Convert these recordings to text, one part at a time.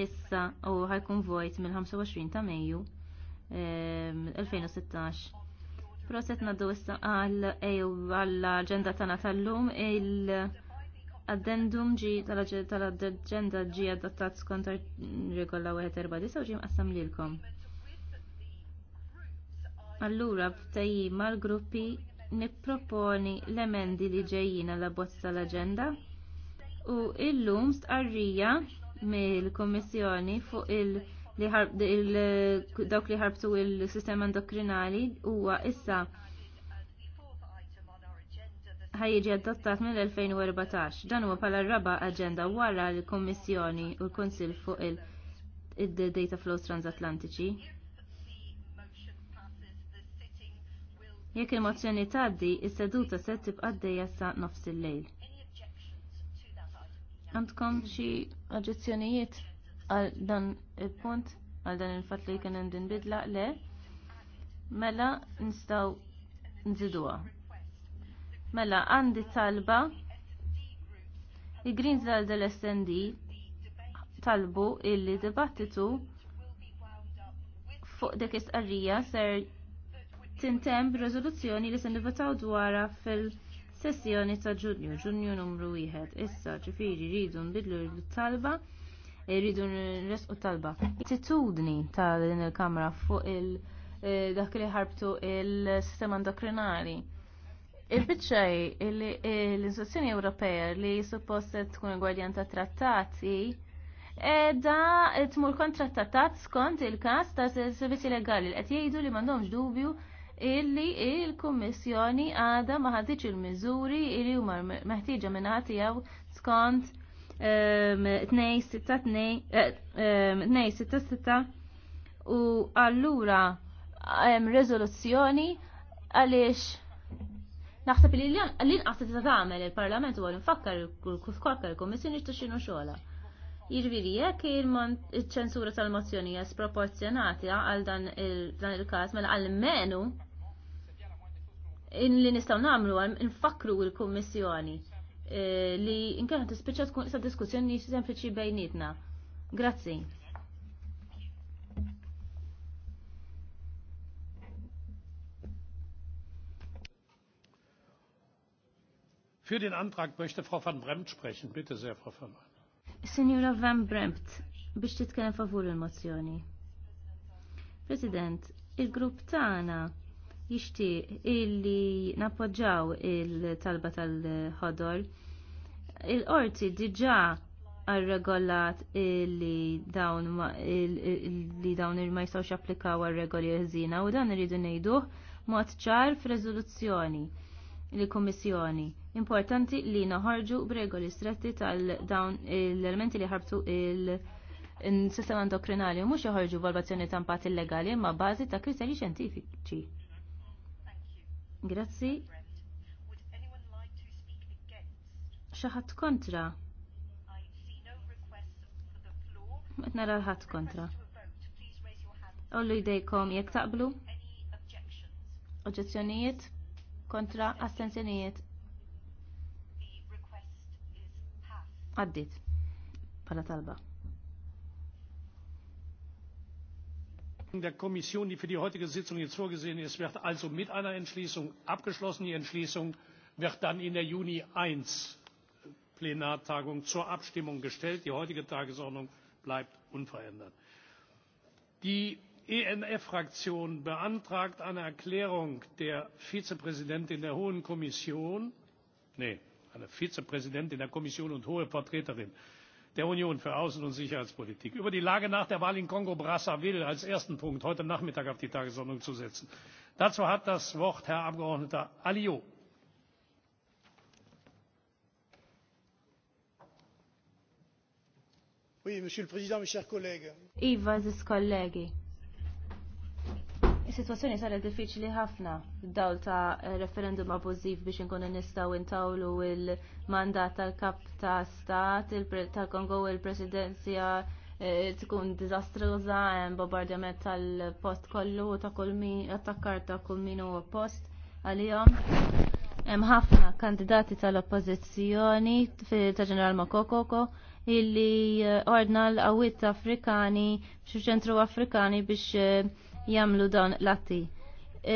issa u ħajkun vojt mill-25 ta' Mejju 2016. Proset naddu issa għal għall-agenda tagħna tal-lum il-addendum ġi tal-agenda ġi adattat skont regola 149 u ġi lilkom. Allura f'tejjim mal-gruppi nipproponi l-emendi li ġejjin għal bozza tal-aġenda u illum stqarrija mill-Kommissjoni fuq il- li dawk li ħarbtu il-sistema endokrinali huwa issa ħajjiġi adottat mill-2014. Dan huwa bħala raba aġenda wara l-Kommissjoni u l-Kunsill fuq il-Data Flows Transatlantiċi. Jekk il-mozzjoni tgħaddi, is-seduta se tibqa' għaddejja sa nofs il-lejl. Għandkom xi oġġezzjonijiet għal dan il-punt, għal dan il-fatt li kien hemm din bidla le, mela nistgħu nżidua. Mela għandi talba il-Greens għal dal-SND talbu illi dibattitu fuq dik istqarrija ser tintemm b'riżoluzzjoni li se nivotaw dwarha fil- sessjoni ta' ġunju, ġunju numru wieħed. Issa ġifieri rridu nbidlu l-talba eh, rridu nresqu talba. Attitudni ta' din il-kamra fuq il- eh, dak li ħarbtu il-sistema endokrinali. Il-bicċaj eh, l-Istituzzjoni Ewropea li suppost tkun gwardjan ta' trattati da tmur kontra trattat skont il-kas ta' servizzi legali li qed jgħidu li m'għandhomx dubju illi il-Kummissjoni għada ma il-miżuri illi huma meħtieġa minn għaw skont 266 ehm, eh, ehm, u allura hemm rezoluzzjoni għaliex naħseb li l-inqas ta' tagħmel il-Parlament huwa nfakkar il kummissjoni x'ta xinu xogħla. Jirviri, jekk il-ċensura tal-mozzjoni hija sproporzjonata għal dan il-każ mela għal menu in li nistaw namlu għal nfakru il-kommissjoni eh, li t tispiċċa tkun issa diskussjoni sempliċi bejnietna. Grazzi. Für den Antrag möchte Frau van Bremt sprechen. Bitte sehr, Frau van Bremt. Signora van Bremt, biex titkellem favur il-mozzjoni. President, il-grupp tagħna jixtieq illi nappoġġaw il-talba tal-ħodor. Il-qorti diġà għal-regolat li dawn il ma jistawx applikaw għal-regoli ħżina u dan rridu nejduħ mod ċar f-rezoluzzjoni li kummissjoni. Importanti li noħorġu b'regoli stretti tal dawn l-elementi li ħarbtu il-sistema endokrinali u mhux joħorġu valvazzjoni ta' impatt illegali imma bażi ta' kriterji xjentifiċi. Grazzi. Xaħat kontra. Qed nara ħadd kontra. Ollu jdejkom jek taqblu? Oġezzjonijiet? kontra Astenzjonijiet? Għaddit. Pala talba. der Kommission, die für die heutige Sitzung jetzt vorgesehen ist, wird also mit einer Entschließung abgeschlossen. Die Entschließung wird dann in der Juni 1 Plenartagung zur Abstimmung gestellt. Die heutige Tagesordnung bleibt unverändert. Die ENF-Fraktion beantragt eine Erklärung der Vizepräsidentin der Hohen Kommission, nee, eine Vizepräsidentin der Kommission und Hohe Vertreterin der Union für Außen- und Sicherheitspolitik, über die Lage nach der Wahl in Kongo Brazzaville als ersten Punkt heute Nachmittag auf die Tagesordnung zu setzen. Dazu hat das Wort Herr Abgeordneter Alio. Oui, Monsieur le Président, mes chers collègues. Iva, situazzjoni sitwazzjoni saret diffiċli ħafna fid-dawl ta' referendum abbużiv biex inkunu nistgħu intawlu il-mandat tal-kap ta' stat tal-Kongo il-presidenzja eh, tkun diżastruża hemm Bombardament tal-post kollu ta' kull attakkar ta' kull min huwa post għalihom. Hemm ħafna kandidati tal-oppożizzjoni ta' Ġeneral Makokoko illi eh, ordna l-qawwiet Afrikani xi ċentru Afrikani biex eh, jamlu dan l-atti. E,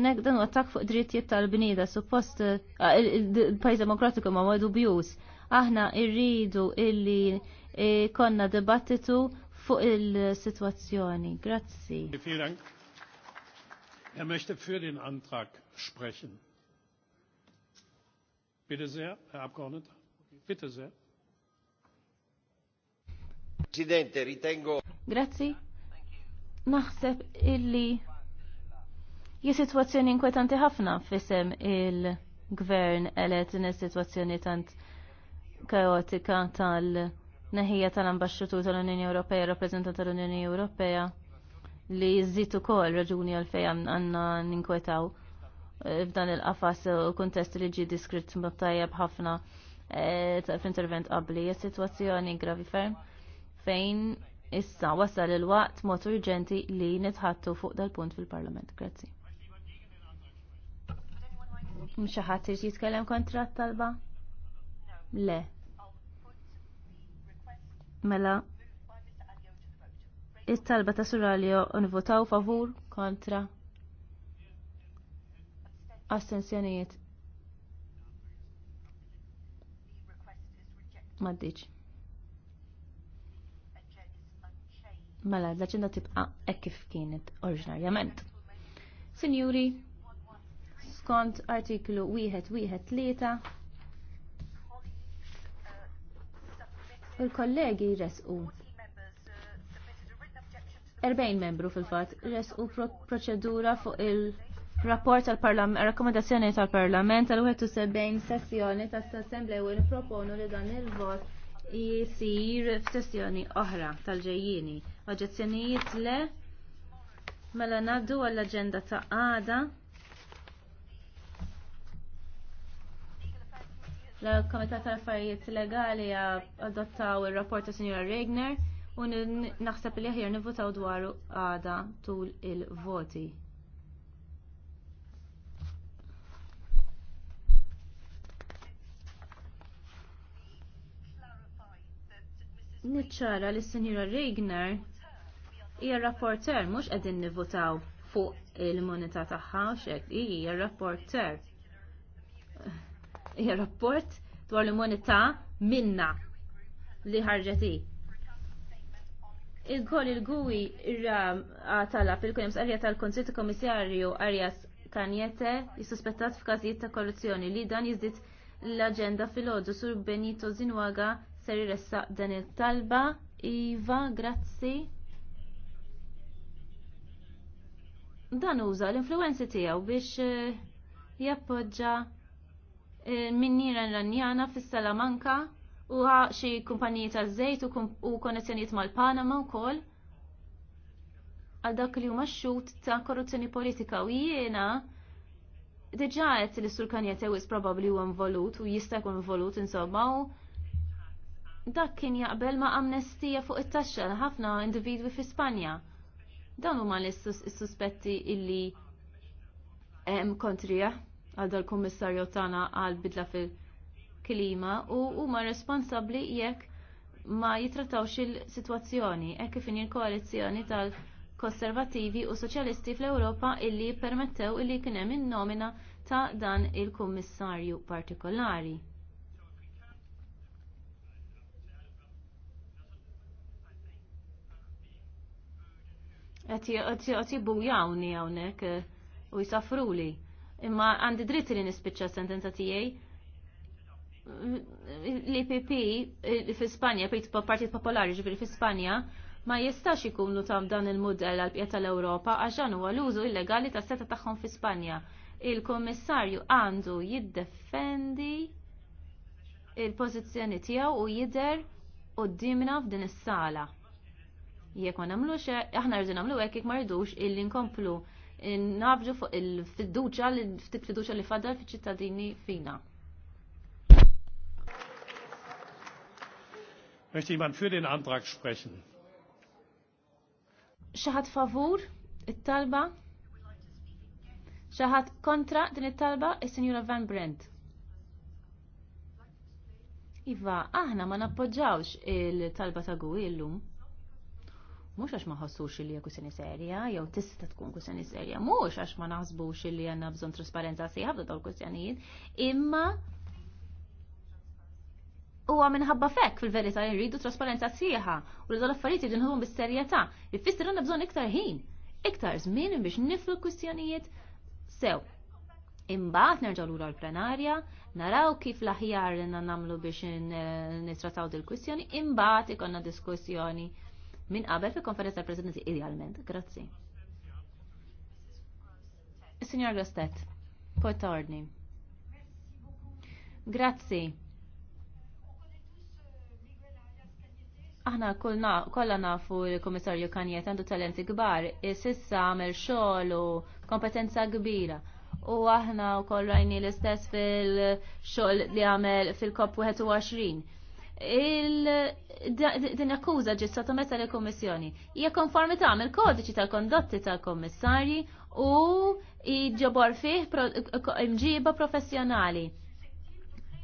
nek dan u attak fuq drittijiet tal-bnida, suppost il-Pajz Demokratiku ma għadu bjus. Aħna irridu illi e, konna dibattitu fuq il-situazzjoni. Grazzi. Er möchte für den Antrag sprechen. Bitte sehr, Herr Abgeordneter. Bitte sehr. Presidente, ritengo. Grazie naħseb illi hija sitwazzjoni inkwetanti ħafna fisem il-gvern għalet in sitwazzjoni tant kaotika tal-neħija tal-ambasċutu tal-Unjoni Ewropea, rappresentant tal-Unjoni Ewropea li jizzitu ukoll raġuni għal-fej għandna ninkwetaw eh, f'dan il-qafas u kontest li ġie diskrit tajjeb ħafna eh, f'intervent intervent qabli. Hija sitwazzjoni gravi ferm fejn Issa wasal il-waqt mod urġenti li nitħattu fuq dal-punt fil-Parlament. Grazzi. Mxi ħadd jitkellem kontra talba? Le. Mela. It-talba ta' Suralio nvotaw favur kontra astensjonijiet. Maddiċ. Mela, l-aġenda tibqa hekk kif kienet oriġinarjament. Sinjuri, skont artiklu wieħed wieħed tlieta il-kollegi resqu 40 membru fil-fat resqu proċedura fuq il-rapport tal-parlament, rakkomandazzjoni tal-parlament tal-71 sessjoni tas-assembleja u proponu li dan il-vot jisir f'sessjoni oħra tal-ġejjini. Oġezzjonijiet le mela naddu għall-aġenda ta' għada. l-Komitat tal-Affarijiet Legali adottaw ir-rapport ta' Sinjora Regner u naħseb li ħjar nivvotaw dwaru għada tul il-voti. niċċara li s-Sinjura Regner hija rapporter mhux qegħdin nivvotaw fuq il-moneta tagħha xek hija rapporter. Hija rapport dwar l-moneta minna li ħarġet Il-koll il-gwi talab il-kunem s-arja tal-Konsilti Komissarju Arias Kanjete jissuspettat f'każijiet ta' korruzzjoni li dan jiżdied l-agenda fil-ħodu sur Benito Zinwaga ser jressa dan il-talba. Iva, grazzi. Dan uża l-influenzi tiegħu biex eh, jappoġġa eh, minnira n-ranjana fis-Salamanka u xi kumpaniji taż-żejt u konnessjonijiet mal-Panama wkoll għal dak li huma xxut ta' korruzzjoni politika u jiena diġà qed li sur kanjet probabbli huwa involut u jista' jkun involut insomma u dak kien jaqbel ma' amnestija fuq it-taxxa ħafna individwi fi Spanja. Dawn huma l-suspetti illi hemm kontrija għal dal-kummissarju tagħna għal bidla fil-klima u huma responsabbli jekk ma jitrattawx il-sitwazzjoni hekk kif il-koalizzjoni tal konservattivi u soċjalisti fl-Ewropa illi permettew illi kien hemm in-nomina ta' dan il-kummissarju partikolari. jibbu jibbujawni għawnek eh, u jisafruli. Imma għandi dritti li nispicċa sentenza tijaj. L-IPP eh, fi Spanja, Partit Popolari ġifiri fi Spanja, ma jistax ikunu tam dan il-modell għal pjata l-Europa għaxan huwa l-użu illegali ta' seta tagħhom fi Spanja. Il-Kommissarju għandu jiddefendi il-pożizzjoni tiegħu u jidher qudiemna f'din is-sala. Jekk ma nagħmlux aħna rridu nagħmlu hekk jekk ma rridux illi nkomplu nafġu fuq il-fiduċa li ftit fiduċa li fadal fiċ-ċittadini fina. Möchte jemand für den Antrag sprechen? Schahat favur it-talba? Schahat kontra din it-talba is senjura Van Brent. Iva, aħna ma nappoġġawx il-talba ta' Gwi illum mux għax ma ħossux li hija kwistjoni serja, jew tista' tkun kwistjoni serja, mhux għax ma naħsbux li għandna bżonn trasparenza si ħafna dawn kwistjonijiet, imma għamin minħabba fekk fil verita jridu trasparenza sieħa u li dal-affarijiet jridu nħuhom bis-serjetà. Ifisser għandna bżonn iktar ħin, iktar żmien biex niflu kwistjonijiet sew. Imbagħad nerġgħu lura l-plenarja, naraw kif l-aħjar li nagħmlu biex nitrataw dil kustjoni imbagħad ikonna diskussjoni Min qabel fil-konferenza tal-Presidenti idealment. Grazzi. Signor Gostet, porta ordni. Grazzi. Aħna kollha nafu l-Kummissarju Kanjet għandu talenti kbar, e sissa għamel xogħol u kompetenza kbira u aħna u rajni l-istess fil xogħol li għamel fil-COP21 din akkuża ġiet sottomessa lill kummissjoni hija konformità mill-kodiċi tal-kondotti tal-kommissarji u jġobor fih imġiba professjonali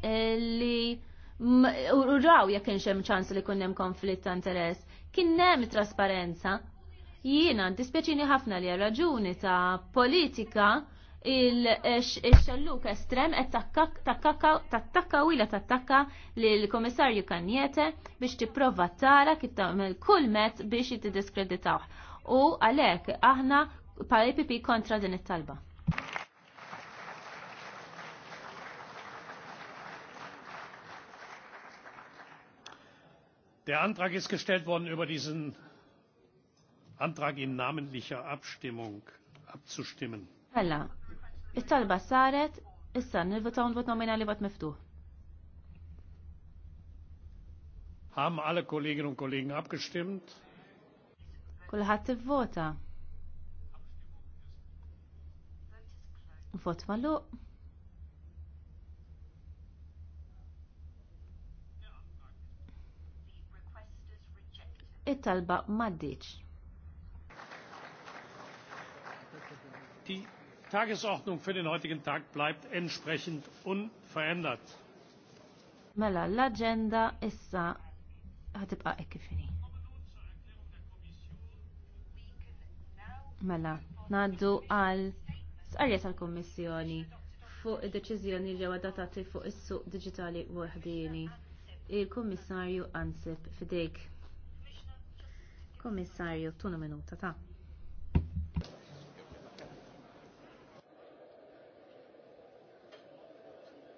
li uraw jekk kienx hemm ċans li jkun hemm konflitt ta' interess. Kien hemm trasparenza. Jiena dispjaċini ħafna li raġuni ta' politika il-xalluk estrem et tattakka u ila tattakka l komissarju Kanjete biex tipprova tara kif tagħmel kull met biex tiddiskreditawh. U għalek, aħna pal IPP kontra din it-talba. Der Antrag ist gestellt worden, über diesen Antrag in namentlicher Abstimmung abzustimmen. Mela, It-talba saret, issa nivvotaw n-vot nominali vot miftuħ. Ham alle kollegin und Kollegen abgestimmt? Kulħadd vota Vot malu. It-talba maddiċ. Tagesordnung für den heutigen Tag bleibt entsprechend unverändert. Mela, l-agenda issa ħatibqa' hekk kifini. Mela, ngħaddu għal sqarja tal-Kummissjoni fuq id-deċiżjoni li datati fuq is-suq digitali waħdini. Il-Kummissarju Ansip fidejk. Kommissarju tuna minuta ta'.